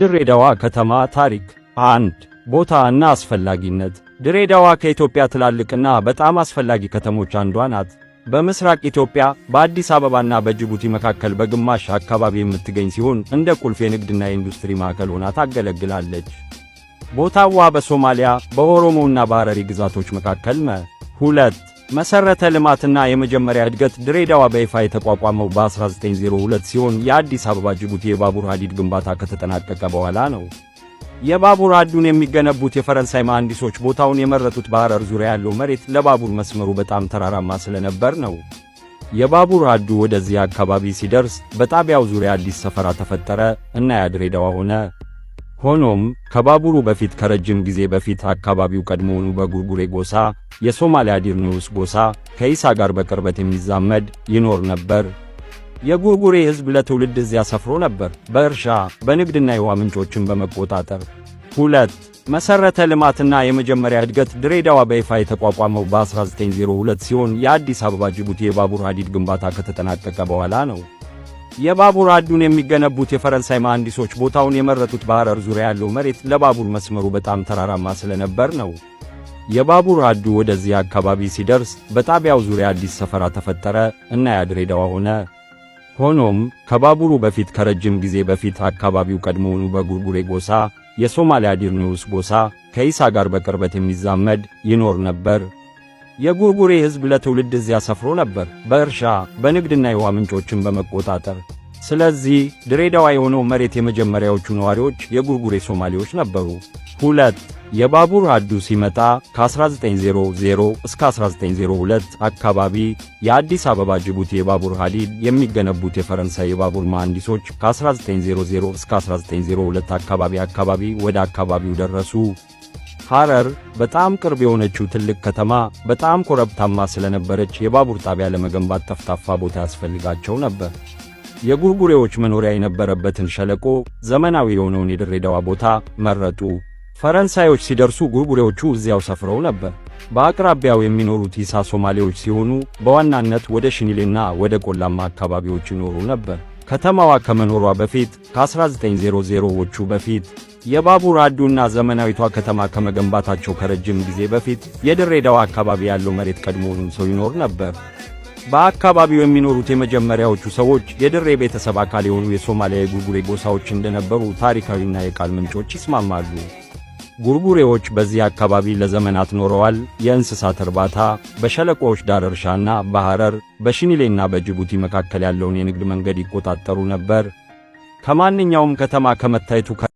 ድሬዳዋ ከተማ ታሪክ አንድ ቦታ እና አስፈላጊነት ድሬዳዋ ከኢትዮጵያ ትላልቅና በጣም አስፈላጊ ከተሞች አንዷ ናት። በምስራቅ ኢትዮጵያ በአዲስ አበባና በጅቡቲ መካከል በግማሽ አካባቢ የምትገኝ ሲሆን እንደ ቁልፍ የንግድና የኢንዱስትሪ ማዕከል ሆና ታገለግላለች። ቦታዋ በሶማሊያ በኦሮሞና በሐረሪ ግዛቶች መካከል መ ሁለት መሰረተ ልማትና የመጀመሪያ እድገት ድሬዳዋ በይፋ የተቋቋመው በ1902 ሲሆን የአዲስ አበባ ጅቡቲ የባቡር ሀዲድ ግንባታ ከተጠናቀቀ በኋላ ነው። የባቡር ሀዲዱን የሚገነቡት የፈረንሳይ መሐንዲሶች ቦታውን የመረጡት በሐረር ዙሪያ ያለው መሬት ለባቡር መስመሩ በጣም ተራራማ ስለነበር ነው። የባቡር ሀዲዱ ወደዚህ አካባቢ ሲደርስ በጣቢያው ዙሪያ አዲስ ሰፈራ ተፈጠረ እና ያ ድሬዳዋ ሆነ። ሆኖም ከባቡሩ በፊት ከረጅም ጊዜ በፊት አካባቢው ቀድሞውኑ በጉርጉሬ ጎሳ፣ የሶማሊያ ዲርኑስ ጎሳ ከኢሳ ጋር በቅርበት የሚዛመድ ይኖር ነበር። የጉርጉሬ ሕዝብ ለትውልድ እዚያ ሰፍሮ ነበር፣ በእርሻ በንግድና የውሃ ምንጮችን በመቆጣጠር። ሁለት መሠረተ ልማትና የመጀመሪያ እድገት ድሬዳዋ በይፋ የተቋቋመው በ1902 ሲሆን የአዲስ አበባ ጅቡቲ የባቡር ሐዲድ ግንባታ ከተጠናቀቀ በኋላ ነው። የባቡር አዱን የሚገነቡት የፈረንሳይ መሐንዲሶች ቦታውን የመረጡት በሐረር ዙሪያ ያለው መሬት ለባቡር መስመሩ በጣም ተራራማ ስለነበር ነው። የባቡር አዱ ወደዚህ አካባቢ ሲደርስ በጣቢያው ዙሪያ አዲስ ሰፈራ ተፈጠረ እና ያ ሆነ። ሆኖም ከባቡሩ በፊት ከረጅም ጊዜ በፊት አካባቢው ቀድሞውኑ በጉርጉሬ ጎሳ፣ የሶማሊያ ዲርኒውስ ጎሳ ከኢሳ ጋር በቅርበት የሚዛመድ ይኖር ነበር። የጉርጉሬ ሕዝብ ለትውልድ እዚያ ሰፍሮ ነበር፣ በእርሻ በንግድና የውሃ ምንጮችን በመቆጣጠር። ስለዚህ ድሬዳዋ የሆነው መሬት የመጀመሪያዎቹ ነዋሪዎች የጉርጉሬ ሶማሌዎች ነበሩ። ሁለት የባቡር አዱ ሲመጣ ከ1900 እስከ 1902 አካባቢ የአዲስ አበባ ጅቡቲ የባቡር ሐዲድ የሚገነቡት የፈረንሳይ የባቡር መሐንዲሶች ከ1900 እስከ 1902 አካባቢ አካባቢ ወደ አካባቢው ደረሱ። ሐረር በጣም ቅርብ የሆነችው ትልቅ ከተማ በጣም ኮረብታማ ስለነበረች የባቡር ጣቢያ ለመገንባት ጠፍጣፋ ቦታ ያስፈልጋቸው ነበር። የጉርጉሬዎች መኖሪያ የነበረበትን ሸለቆ፣ ዘመናዊ የሆነውን የድሬዳዋ ቦታ መረጡ። ፈረንሳዮች ሲደርሱ ጉርጉሬዎቹ እዚያው ሰፍረው ነበር። በአቅራቢያው የሚኖሩት ኢሳ ሶማሌዎች ሲሆኑ በዋናነት ወደ ሽኒሌና ወደ ቆላማ አካባቢዎች ይኖሩ ነበር። ከተማዋ ከመኖሯ በፊት ከ1900ዎቹ በፊት የባቡር አዱና ዘመናዊቷ ከተማ ከመገንባታቸው ከረጅም ጊዜ በፊት የድሬዳዋ አካባቢ ያለው መሬት ቀድሞውንም ሰው ይኖር ነበር። በአካባቢው የሚኖሩት የመጀመሪያዎቹ ሰዎች የድሬ ቤተሰብ አካል የሆኑ የሶማሊያ የጉርጉሬ ጎሳዎች እንደነበሩ ታሪካዊና የቃል ምንጮች ይስማማሉ። ጉርጉሬዎች በዚህ አካባቢ ለዘመናት ኖረዋል። የእንስሳት እርባታ፣ በሸለቆዎች ዳር እርሻና በሐረር በሽኒሌና በጅቡቲ መካከል ያለውን የንግድ መንገድ ይቆጣጠሩ ነበር። ከማንኛውም ከተማ ከመታየቱ